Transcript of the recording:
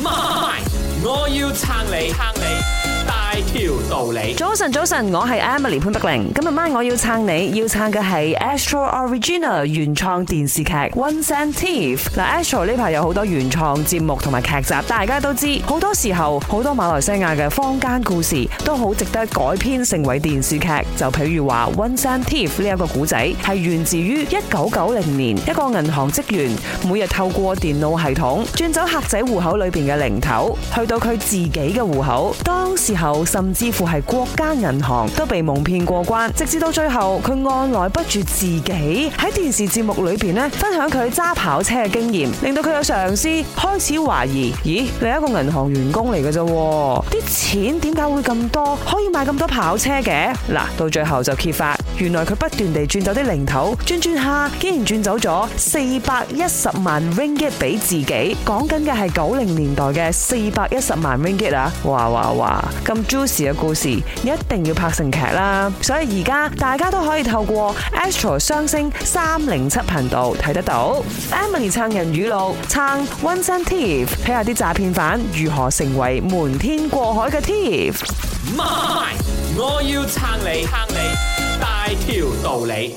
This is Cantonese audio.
MY，我要撐你，撐你。條道理。早晨，早晨，我係 Emily 潘碧玲。今日晚我要撐你，要撐嘅係 Astro Original 原創電視劇《One Cent Thief》。嗱，Astro 呢排有好多原創節目同埋劇集，大家都知好多時候好多馬來西亞嘅坊間故事都好值得改編成為電視劇。就譬如話《One Cent Thief》呢一個古仔，係源自於一九九零年一個銀行職員每日透過電腦系統轉走客仔戶口裏邊嘅零頭，去到佢自己嘅戶口。當時候甚至乎係國家銀行都被蒙騙過關，直至到最後佢按捺不住自己喺電視節目裏邊分享佢揸跑車嘅經驗，令到佢有上司開始懷疑：咦，你係一個銀行員工嚟嘅啫，啲錢點解會咁多，可以買咁多跑車嘅？嗱，到最後就揭發，原來佢不斷地轉走啲零頭，轉轉下竟然轉走咗四百一十萬 ringgit 俾自己。講緊嘅係九零年代嘅四百一十萬 ringgit 啊！哇哇哇！咁！Juice 嘅故事，一定要拍成劇啦！所以而家大家都可以透過 Astro 雙星三零七頻道睇得到 Emily 撐。Emily 撐人語錄，撐 One Cent Thief，睇下啲詐騙犯如何成為瞞天過海嘅 thief。媽咪，我要撐你，撐你大條道理。